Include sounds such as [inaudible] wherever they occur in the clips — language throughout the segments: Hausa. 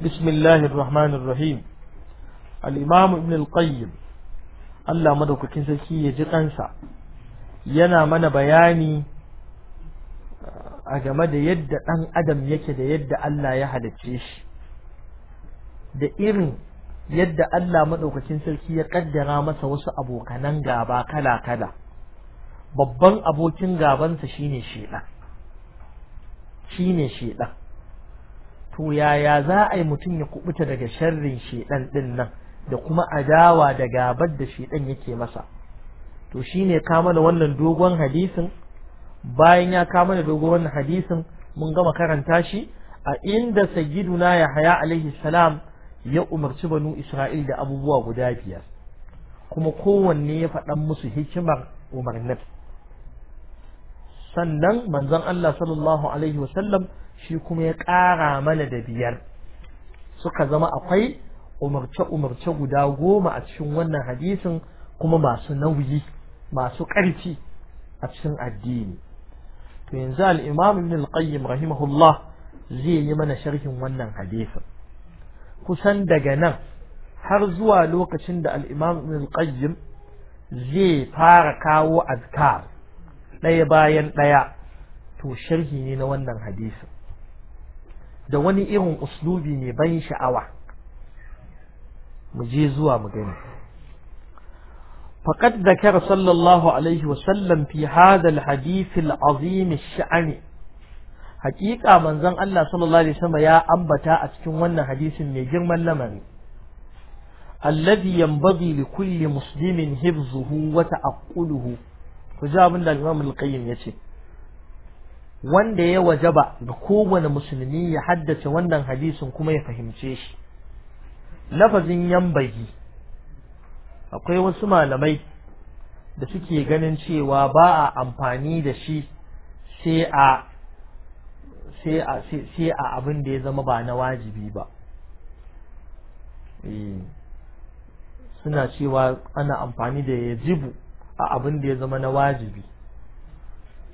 بسم الله الرحمن الرحيم الإمام ابن Allah madaukakin sarki ya ji kansa yana mana bayani a game da yadda ɗan adam yake da yadda Allah ya halicce shi da irin yadda Allah madaukakin sarki ya kaddara masa wasu abokanan gaba kala-kala babban abokin gabansa shine shedan shine shedan to yaya za a yi mutum ya kubuta daga sharrin shedan din nan da kuma adawa da gabar da shedan yake masa to shine ka mana wannan dogon hadisin bayan ya ka mana dogon wannan hadisin mun gama karanta shi a inda sayyiduna yahya alaihi salam ya umarci banu isra'il da abubuwa guda biyar kuma kowanne ya faɗan musu hikimar umarnin sannan manzon Allah sallallahu alaihi wasallam shi kuma ya ƙara mana da biyar suka zama akwai umarce-umarce guda goma a cikin wannan hadisin kuma masu nauyi masu ƙarfi a cikin addini to yanzu al-imam ibn al-qayyim rahimahullah zai yi mana sharhin wannan hadisin kusan daga nan har zuwa lokacin da alimam imam ibn al-qayyim zai fara kawo azkar ɗaya bayan ɗaya to sharhi ne na wannan hadisin da wani irin uslubi ne ban sha'awa mu je zuwa mu gani faqad zakara sallallahu alaihi wa sallam fi hadha alhadith alazim alsha'n haqiqa manzan Allah sallallahu alaihi wasallam ya ambata a cikin wannan hadisin mai girman lamari alladhi yanbaghi li kulli muslimin hifzuhu wa ta'aqquluhu ku abin da Imam al-Qayyim yace wanda ya wajaba ga kowane musulmi ya haddace wannan hadisin kuma ya fahimce shi lafazin yambagi akwai wasu malamai da suke ganin cewa ba a amfani da shi sai a abin da ya zama ba na wajibi ba eh, suna cewa ana amfani da yajibu a abin da ya zama na wajibi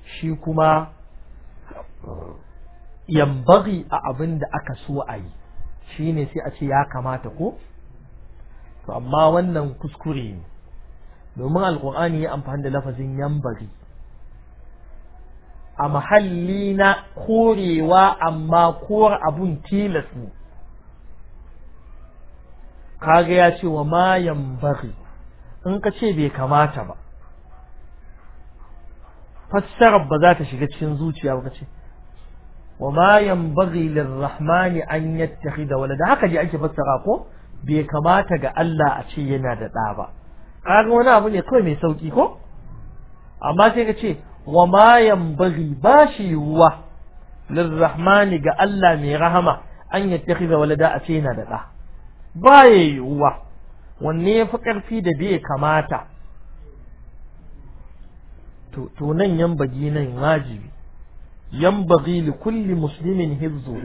shi kuma yambagi a abin da aka so a yi shi ne sai a ce ya kamata ko to amma wannan kuskure ne domin alkur'ani ya amfani da lafazin yambagi a mahalli na korewa amma kowar abun tilas ne kaga ya ce wa ma yambagi in ka ce bai kamata ba fassarar ba za ta shiga cikin zuciya ba ka ce wa ma yanbaghi lirrahmani an da walada haka je ake fassara ko bai kamata ga Allah a ce yana da ɗa ba kaga wani abu ne kawai mai sauki ko amma sai ka ce wa ma yanbaghi ba shi yuwa rahmani ga Allah mai rahama an yattakhidha walada a ce yana da ɗa ba ya wanne ya fi ƙarfi da bai kamata to nan yan bagi nan wajibi yan li kulli musulmin hizzu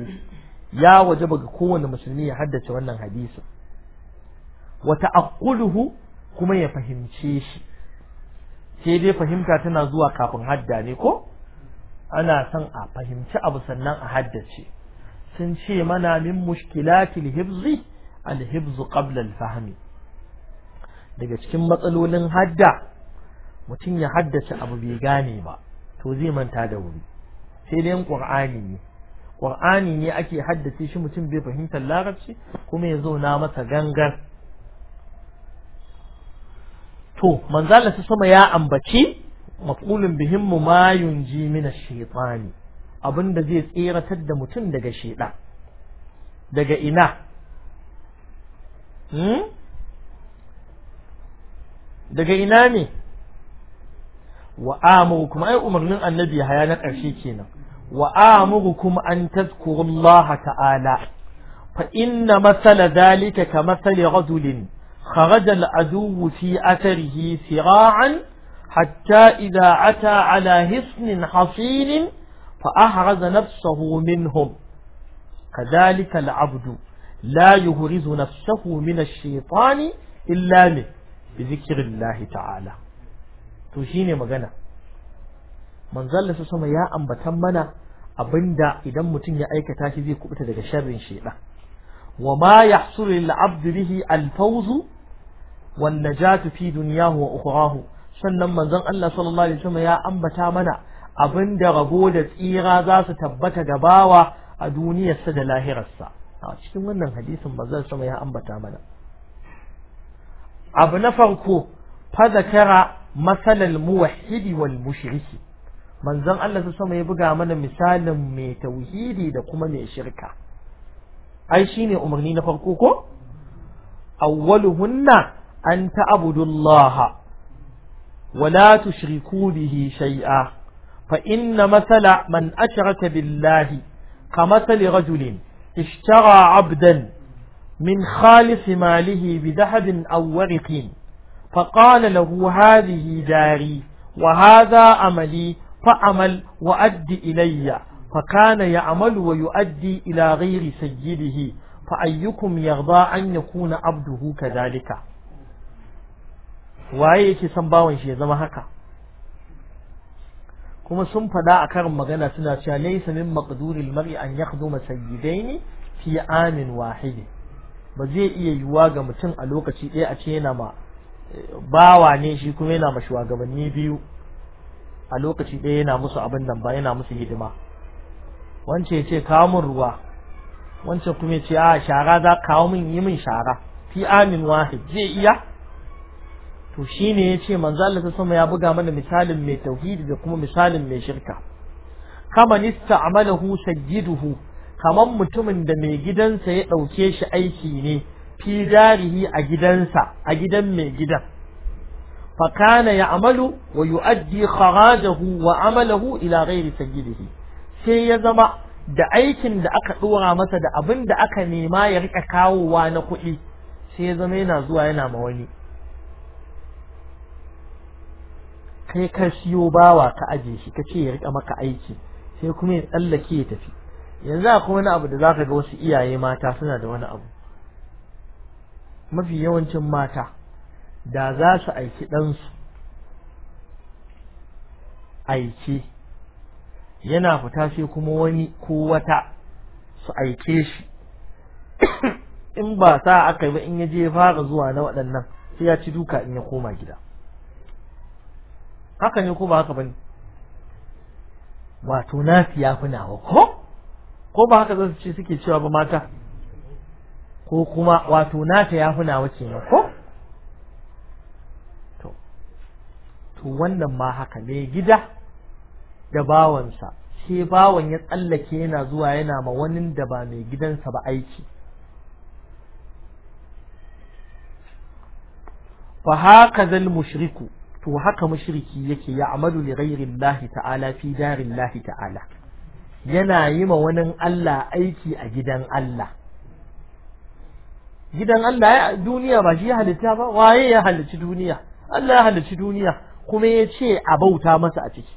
ya waje ga kowane musulmi ya haddace wannan hadisin wa ta'aqquluhu kuma ya fahimce shi sai dai fahimta tana zuwa kafin hadda ne ko ana son a fahimci abu sannan a haddace sun ce mana min mushkilatil Hibzi, al Hibzu qabla al fahmi daga cikin matsalolin hadda mutum ya haddace abu bai gane ba to zai manta da wuri sai dai qur'ani ne qur'ani ne ake haddace shi mutum bai fahimtar larabci kuma ya zauna masa gangar to manzala su sama ya ambaci maqulun bihim ma yunji min ash-shaytani abinda zai tseratar da mutum daga sheda daga ina hmm daga ina ne وآمركم أي أمر من النبي حيانا أرشيكينا وآمركم أن تذكروا الله تعالى فإن مثل ذلك كمثل رجل خرج العدو في أثره سراعا حتى إذا أتى على هصن حصين فأحرز نفسه منهم كذلك العبد لا يهرز نفسه من الشيطان إلا بذكر الله تعالى to shine magana manzalla su sama ya ambatan mana abinda idan mutum ya aikata shi zai kubuta daga sharrin shaidan wa ma yahsulu lil abdi bihi al fawz wan najatu fi dunyahu wa ukhrahu sannan manzon Allah sallallahu alaihi wasallam ya ambata mana abinda rago da tsira za su tabbata ga bawa a duniyarsa da lahirarsa a cikin wannan hadisin manzon sama ya ambata mana abu na farko fa zakara masalal muwahhidi wal mushriki manzon Allah su sama ya buga mana misalin mai tauhidi da kuma mai shirka ai shine umarni na farko ko awwaluhunna an ta'budu Allah wa la tushriku bihi shay'a fa inna masala man ashraka billahi kamathali rajulin ishtara 'abdan min khalis malihi bidahabin aw warqin فقال له هذه داري وهذا عملي فعمل وأد إلي فكان يعمل ويؤدي إلى غير سيده فأيكم يرضى أن يكون عبده كذلك waye yake son bawan shi ya zama haka kuma sun fada a karin magana suna cewa laysa min maqduril mar'i an yakhduma sayyidaini fi amin wahid ba zai iya yiwuwa ga mutum a lokaci ɗaya a ce yana ma bawa ne shi kuma yana ma biyu a lokaci ɗaya yana musu abin nan ba yana musu hidima wance ya ce kawo min ruwa wancan kuma ya ce a shara za kawo min yi min shara fi amin wahid zai iya to shine ya ce manzo Allah sama ya buga mana misalin mai tauhidi da kuma misalin mai shirka kama nista amalahu sayyiduhu kaman mutumin da mai gidansa ya ɗauke shi aiki ne fi darihi a gidansa a gidan mai gidan Fakana ya فكان wa ويؤدي خراجه وعمله ila ta سيده sai ya zama da aikin da aka dora masa da abin da aka nema ya rika kawowa na kuɗi sai ya zama yana zuwa yana ma wani kai ka siyo bawa ka aje shi ka ce ya rika maka aiki sai kuma ya tsallake ya tafi yanzu akwai wani abu da zaka ga wasu iyaye mata suna da wani abu mafi yawancin mata da za su aiki ɗansu aiki yana fita sai kuma wani ko wata su aike shi [coughs] in ba sa aka yi ba in ya je fara zuwa na waɗannan sai ya ci duka in ya koma gida haka ne ko ba haka ba ne. wato na siya fi nawa ko ko ba haka zan ce suke cewa ba mata ko kuma wato nata ya huna nawa ne ko to to wannan ma haka ne, gida da bawansa sai bawan ya tsallake yana zuwa yana ma wani da ba mai gidansa ba aiki fa haka zal mushriku to haka mushriki yake ya amalu li ghairi Allah ta'ala fi dari Allah ta'ala yana yi ma wani Allah aiki a gidan Allah gidan Allah ya duniya ba shi ya halitta ba waye ya halicci duniya Allah ya halicci duniya kuma ya ce a bauta masa a ciki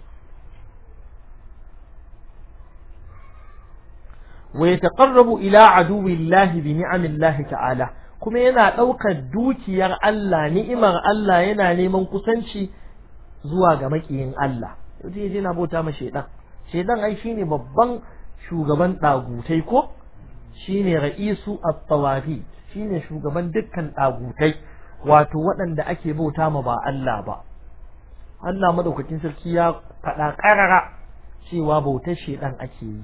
wa yataqarrabu ila aduwillahi bi ni'amillahi ta'ala kuma yana daukar dukiyar Allah ni'imar Allah yana neman kusanci zuwa ga makiyin Allah yaje yana bauta ma shedan shedan ai shine babban shugaban dagutai ko shine ra'isu at-tawafid shine shugaban dukkan ɗagutai wato waɗanda ake bauta ma ba Allah ba Allah madaukakin sarki ya faɗa karara cewa bautar shedan ake yi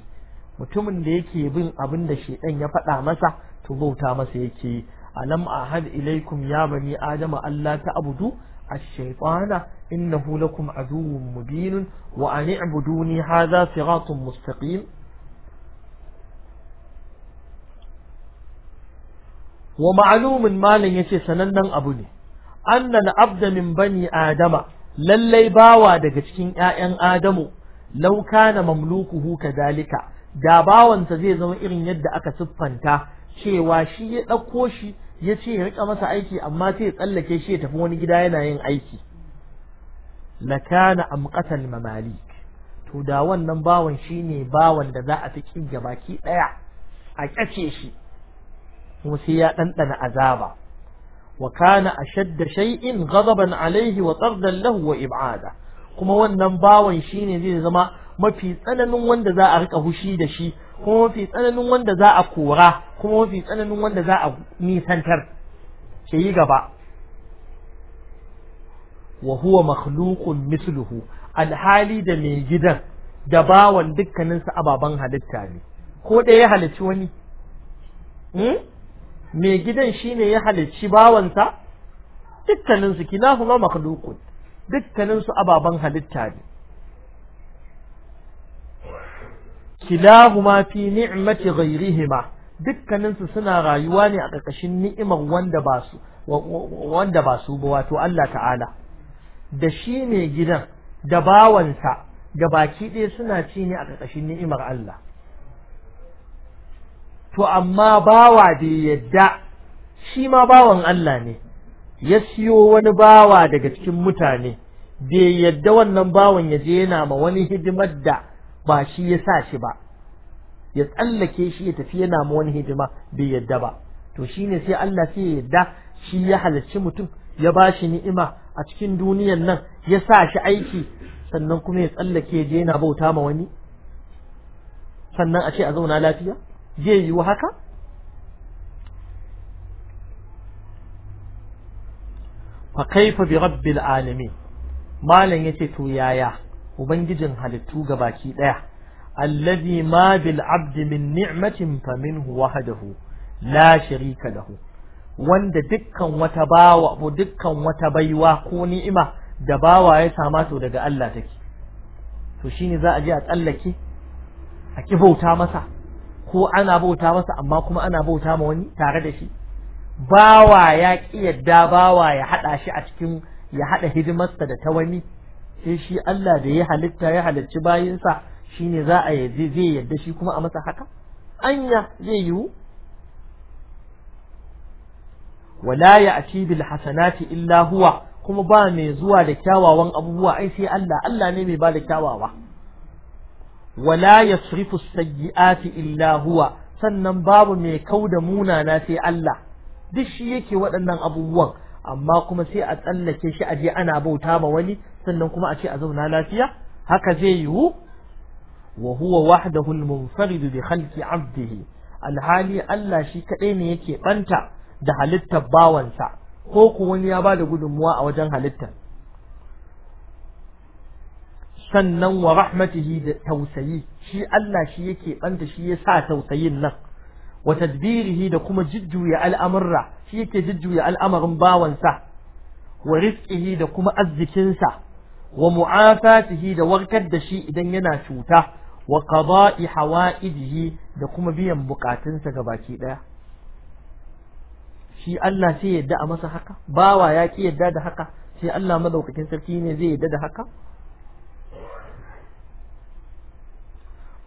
mutumin da yake bin abin da shedan ya faɗa masa to bauta masa yake alam ahad ilaikum ya bani adama Allah ta abudu الشيطان إنه لكم عدو مبين وأن اعبدوني هذا siratun mustaqim. wa ma'alumin malam yace sanannen abu ne annal abda min bani adama lallai bawa daga cikin ƴaƴan adamu law kana mamlukuhu kadalika da bawansa zai zama irin yadda aka siffanta cewa shi ya ɗauko shi ya ce ya rika masa aiki amma sai ya tsallake shi ya tafi wani gida yana yin aiki kana amqatal mamalik to da wannan bawan shine bawan da za a ta kin baki daya a kace shi kuma sai ya ɗanɗana azaba wa kana ashadda shay'in ghadaban alaihi wa tardan lahu wa ib'ada kuma wannan bawan shine zai zama mafi tsananin wanda za a rika hushi da shi kuma mafi tsananin wanda za a kora kuma mafi tsananin wanda za a nisantar ke yi gaba wa huwa makhluqun misluhu alhali da mai gidan da bawan dukkaninsa ababen halitta ne ko ɗaya halicci wani hmm? mai gidan shine ya halicci bawansa dukkanin su kilahuma makhluqun dukkanin su ababan halitta ne kilahuma fi ni'mati ghayrihima dukkanin su suna rayuwa ne a ƙarƙashin ni'imar wanda ba su wanda ba su ba wato Allah ta'ala da shi mai gidan da bawansa ga baki ɗaya suna ci ne a ƙarƙashin ni'imar Allah to amma bawa bai yadda shi ma bawan Allah ne ya siyo wani bawa daga cikin mutane bai yadda wannan bawan ya je yana ma wani hidimar da ba shi ya sa shi ba ya tsallake shi ya tafi yana ma wani hidima bai yadda ba to shi ne sai Allah sai ya yadda shi ya halarci mutum ya ba shi ni'ima a cikin duniyan nan ya sa shi aiki sannan kuma ya tsallake ya je yana bauta ma wani sannan a ce a zauna lafiya zai yiwu haka fa kaifa bi rabbil alamin malam yace to yaya ubangijin halittu gabaki daya allazi ma bil abdi min ni'matin fa minhu wahdahu la sharika lahu wanda dukkan wata bawa ko dukkan wata baiwa ko ni'ima da bawa ya sama to daga Allah take to shine za a je a tsallake a kibauta masa ko ana bauta masa amma kuma ana bauta ma wani tare da shi bawa ya ƙi yadda bawa ya haɗa shi a cikin ya haɗa hidimarsa da ta wani sai shi Allah da ya halitta ya halicci bayinsa shine za a yaje zai yadda shi kuma a masa haka anya zai yiwu wala ya'ti bil hasanati illa huwa kuma ba mai zuwa da kyawawan abubuwa ai sai Allah Allah ne mai ba da kyawawa wala yasrifu sayyi'ati illa huwa sannan babu mai kauda munana sai Allah duk shi yake waɗannan abubuwan amma kuma sai a tsallake shi aje ana bauta ma wani sannan kuma a ce a zauna lafiya haka zai yiwu wa huwa wahdahu al-munfarid bi khalqi 'abdihi alhali Allah shi kadai ne yake banta da halittar bawansa ko ku wani ya bada gudunmuwa a wajen halittar sannan wa rahmatihi da tausayi shi Allah shi yake banta shi ya sa tausayin nan wa tadbirihi da kuma jujjuya al'amurra shi yake jujjuya al'amarin bawansa wa rizqihi da kuma arzikinsa wa mu'afatihi da warkar da shi idan yana cuta wa qada'i hawa'ijihi da kuma biyan bukatunsa gabaki daya shi Allah sai yadda a masa haka bawa ya ki yadda da haka sai Allah madaukakin sarki ne zai yadda da haka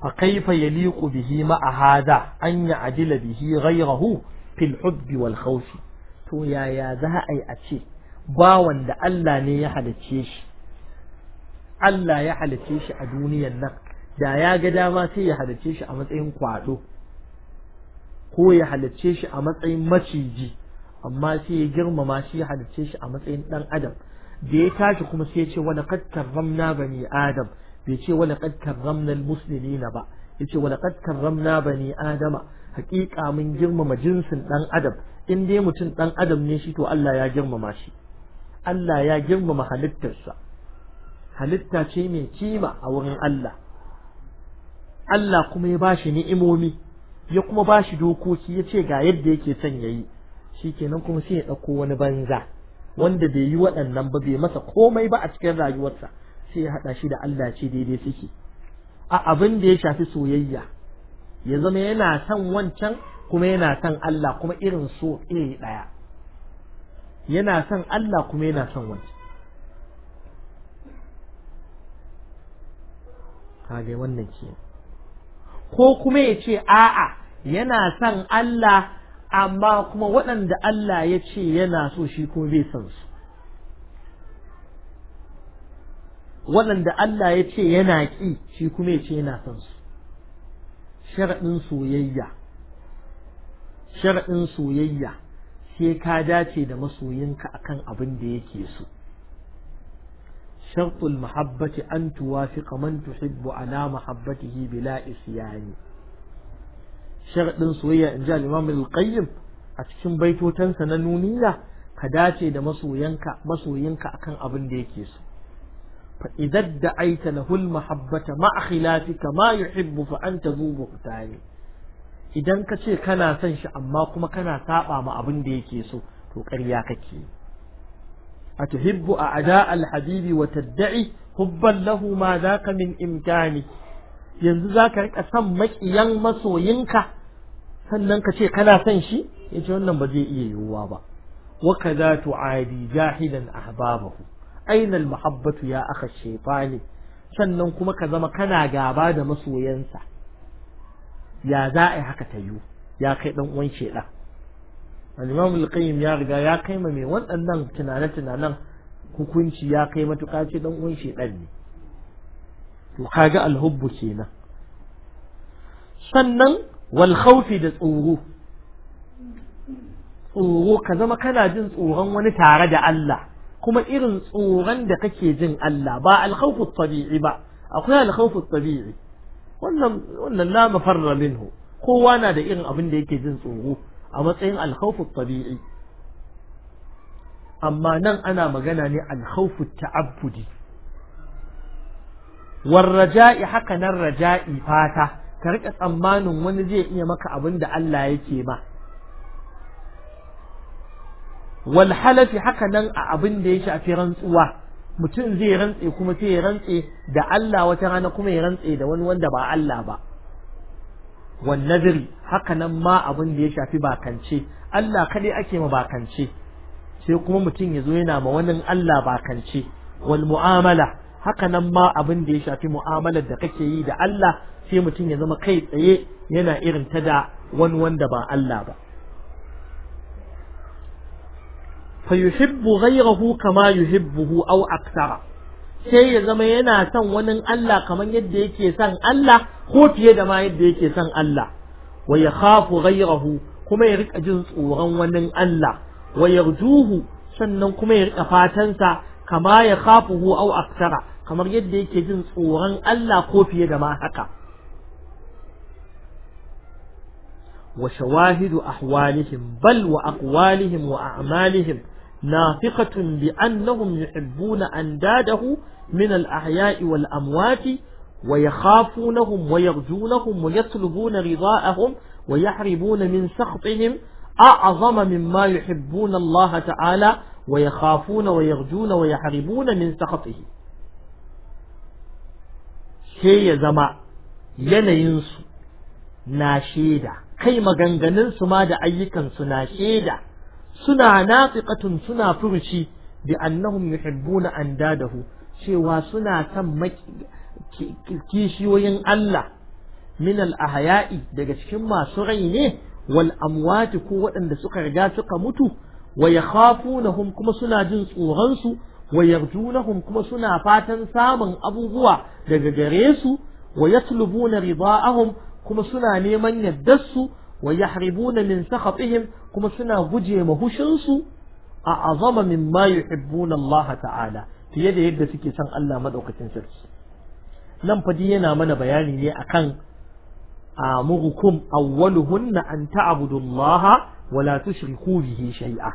ya فكيف يليق به مع هذا أن يعدل به غيره في الحب والخوف to yaya za a yi a ce ba wanda Allah ne ya halicce shi Allah ya halicce shi a duniyan nan da ya ga dama sai ya halicce shi a matsayin kwado ko ya halicce shi a matsayin maciji amma sai ya girmama shi ya halicce shi a matsayin dan adam da ya tashi kuma sai ya ce wani kattar ramna bani adam bai ce wala qad karramna almuslimina ba yace wala qad karramna bani adama haƙiƙa mun girmama jinsin dan adam in dai mutum dan adam ne shi to Allah ya girmama shi Allah ya girmama halittarsa halitta ce mai kima a wurin Allah Allah kuma ya bashi ni'imomi ya kuma bashi dokoki ya ce ga yadda yake son yayi shikenan kuma sai ya ɗauko wani banza wanda bai yi waɗannan ba bai masa komai ba a cikin rayuwarsa sai ya haɗa shi da Allah ce daidai suke a abin da ya shafi soyayya ya zama yana son wancan kuma yana son Allah kuma irin so iri ɗaya yana son Allah kuma yana son wancan kage wannan ke ko kuma ya ce a'a yana son Allah amma kuma waɗanda Allah ya ce yana so shi kuma bai san su waɗanda Allah ya ce yana ƙi shi kuma ya ce yana son su sharaɗin soyayya sharaɗin soyayya sai ka dace da masoyinka akan abin da yake so shartul muhabbati an kamar man tuhibbu ala mahabbatihi bila isyani sharaɗin soyayya in ji al-imam al a cikin baitotansa na nuniya ka dace da masoyinka akan abin da yake so فإذا ادعيت له المحبة مع خلافك ما يحب فأنت ذو بهتان idan ka ce kana son shi amma kuma kana saba ma abin da yake so to ƙarya kake a tuhibbu a ada alhabibi wa tadda'i hubban lahu ma zaka min imkani yanzu zaka rika son maƙiyan masoyinka sannan ka ce kana son shi yace wannan ba zai iya yiwuwa ba wa kaza tu'adi jahilan ahbabahu أين المحبة يا أخ الشيطان sannan kuma ka zama kana gaba da masoyansa ya za a haka ta yiwu ya kai dan uwan sheda al-imam al-qayyim ya riga ya kai ma mai waɗannan tunane tunanan hukunci ya kai matuƙa ce dan uwan shedan ne to kaga al-hubbu kenan sannan wal khawfi da tsoro tsoro ka zama kana jin tsoron wani tare da Allah kuma irin tsoron da kake jin Allah ba alkhawfu tabi'i ba akwai alkhawfu tabi'i wannan wannan la mafarra minhu kowa na da irin abin da yake jin tsoro a matsayin alkhawfu tabi'i amma nan ana magana ne alkhawfu ta'abbudi war raja'i haka nan raja'i fata ka rika tsammanin wani zai iya maka abin da Allah yake ba wal halafi haka nan a abin da ya shafi rantsuwa mutum zai rantse kuma sai ya rantse da Allah wata rana kuma ya rantse da wani wanda ba Allah ba wan nazari haka nan ma abin da ya shafi bakance Allah kadai ake ma bakance sai kuma mutum ya zo yana ma wani Allah bakance wal mu'amala haka nan ma abin da ya shafi mu'amalar da kake yi da Allah sai mutum ya zama kai tsaye yana irin ta da wani wanda ba Allah ba fa yuhibbu ghayrahu kama yuhibbuhu aw akthara sai ya zama yana son wani Allah kamar yadda yake son Allah ko fiye da ma yadda yake son Allah wa yakhafu ghayrahu kuma ya rika jin tsoron wani Allah wa yarjuhu sannan kuma ya rika fatansa kama ya khafuhu aw akthara kamar yadda yake jin tsoron Allah ko fiye da ma haka wa shawahidu ahwalihim bal wa aqwalihim wa a'malihim ناطقة بأنهم يحبون أنداده من الأحياء والأموات ويخافونهم ويرجونهم ويطلبون رضاءهم ويحربون من سخطهم أعظم مما يحبون الله تعالى ويخافون ويرجون ويحربون من سخطه شيء زما ينينسو ناشيدا كيما مغنغننسو ما دا ناشيدا suna nafiqatun suna furuci bi annahum yuhibbuna andadahu cewa suna son kishiyoyin Allah min al-ahya'i daga cikin masu rai ne wal amwati ko waɗanda suka riga suka mutu wa yakhafunahum kuma suna jin tsoron su wa yarjunahum kuma suna fatan samun abubuwa daga gare su wa yatlubuna ridaahum kuma suna neman yaddar su wa yahribuna min sakhatihim kuma suna guje ma hushinsu a azama mimma yuhibbuna Allah ta'ala fiye da yadda suke son Allah madaukakin sarki nan fadi yana mana bayani ne akan amurukum awwaluhunna an ta'budu Allah wa la tushriku bihi shay'a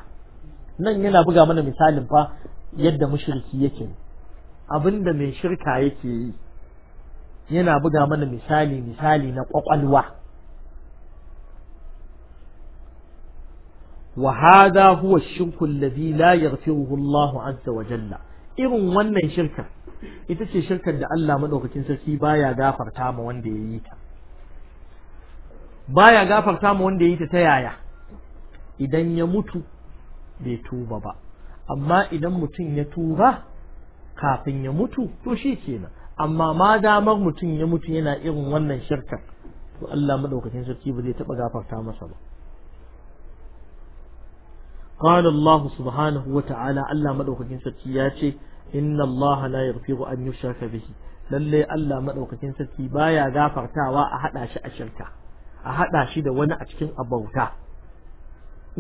nan yana buga mana misalin fa yadda mushriki yake abinda mai shirka yake yi yana buga mana misali misali na kwakwalwa وهذا هو الشرك الذي لا يغفره الله عز وجل irin wannan shirka ita ce shirkar da Allah madaukakin sarki baya gafarta ma wanda ya yi ta baya gafarta ma wanda ya yi ta ta yaya idan ya mutu bai tuba ba amma idan mutum ya tuba kafin ya mutu to shi kenan amma ma damar mutum ya mutu yana irin wannan shirka to Allah madaukakin sarki ba zai taba gafarta masa ba قال الله سبحانه وتعالى الله مدوكين سكي ياتي إن الله لا يغفر yi يشرك به lalle Allah madaukakin sarki baya gafartawa a hada shi a shirka a hada shi da wani a cikin abauta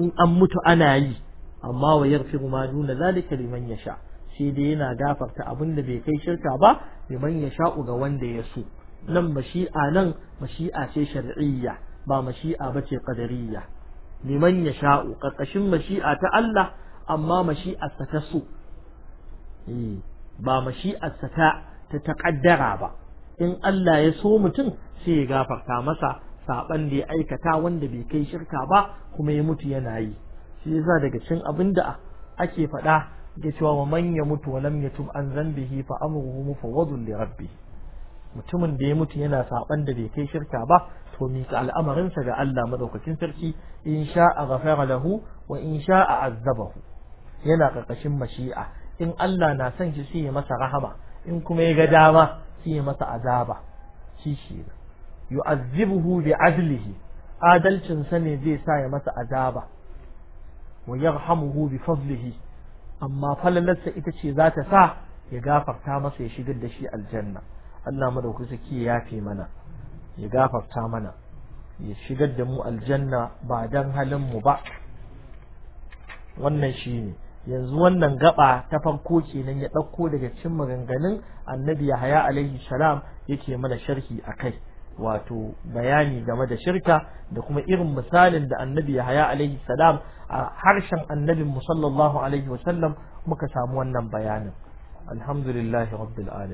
in an mutu ana yi amma wa yaghfiru ma duna zalika liman yasha dai yana gafarta abin da bai kai shirka ba liman yasha ga wanda ya so nan mashi'a nan mashi'a ce shar'iyya ba mashi'a bace qadariyya liman ya sha'u ƙarƙashin mashi'a ta Allah amma mashi'arsa ta so eh, ba mashi'arsa ta ta taƙaddara ba in Allah ya so mutum sai ya gafarta masa saɓan da ya aikata wanda bai kai shirka ba kuma ya mutu yana yi shi yasa daga cikin abin da ake faɗa ga cewa man ya mutu wa lam yatub an zambihi fa amruhu mufawwadun li rabbih mutumin da ya mutu yana saban da bai kai shirka ba to miƙa al'amarinsa ga Allah madaukakin sarki in a ghafara lahu wa in a azzabahu yana karkashin mashi'a in Allah na son shi sai ya masa rahama in kuma ya ga dama sai ya masa azaba shi shi yu'azzibuhu bi adlihi adalcin sa ne zai sa ya masa azaba wa yarhamuhu bi fadlihi amma falalarsa ita ce za ta sa ya gafarta masa ya shigar da shi aljanna Allah madaukakin sarki ya yafe mana ya gafarta mana ya shigar da mu aljanna ba dan halin mu ba wannan shine yanzu wannan gaba ta farko kenan ya ɗauko daga cikin maganganun annabi Yahaya alaihi salam yake mana sharhi akai wato bayani game da shirka da kuma irin misalin da annabi Yahaya alaihi salam a harshen annabin mu sallallahu alaihi wasallam muka samu wannan bayanin alhamdulillahi rabbil alamin